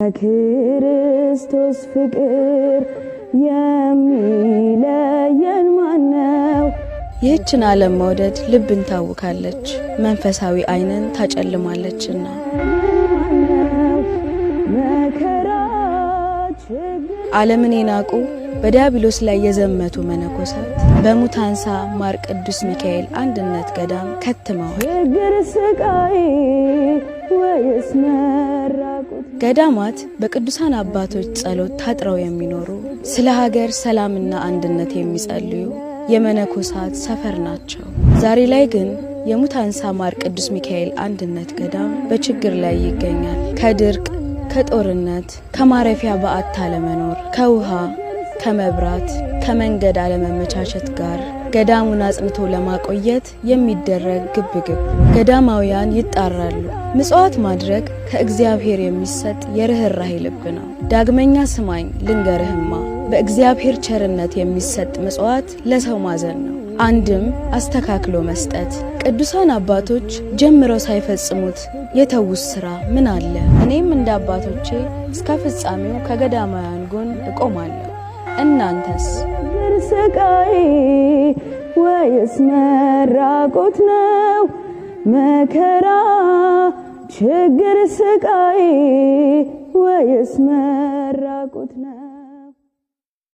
ከክርስቶስ ፍቅር የሚለየን ማነው? ይህችን ዓለም መውደድ ልብን ታውካለች፣ መንፈሳዊ ዓይንን ታጨልማለችና። ዓለምን የናቁ በዲያብሎስ ላይ የዘመቱ መነኮሳት በሙታንሳ ማር ቅዱስ ሚካኤል አንድነት ገዳም ከትመዋል። ችግር ስቃይ ወይስ መራቁት ገዳማት በቅዱሳን አባቶች ጸሎት ታጥረው የሚኖሩ ስለ ሀገር ሰላምና አንድነት የሚጸልዩ የመነኮሳት ሰፈር ናቸው። ዛሬ ላይ ግን የሙታን ሳማር ቅዱስ ሚካኤል አንድነት ገዳም በችግር ላይ ይገኛል። ከድርቅ፣ ከጦርነት፣ ከማረፊያ በአታ ለመኖር ከውሃ ከመብራት ከመንገድ አለመመቻቸት ጋር ገዳሙን አጽንቶ ለማቆየት የሚደረግ ግብግብ። ገዳማውያን ይጣራሉ። ምጽዋት ማድረግ ከእግዚአብሔር የሚሰጥ የርኅራኄ ልብ ነው። ዳግመኛ ስማኝ ልንገርህማ፣ በእግዚአብሔር ቸርነት የሚሰጥ ምጽዋት ለሰው ማዘን ነው። አንድም አስተካክሎ መስጠት። ቅዱሳን አባቶች ጀምረው ሳይፈጽሙት የተውስ ሥራ ምን አለ? እኔም እንደ አባቶቼ እስከ ፍጻሜው ከገዳማውያን ጎን እቆማለሁ። እናንተስ? ስቃይ ወይስ መራቆት ነው? መከራ ችግር ስቃይ ወይስ መራቆት ነው?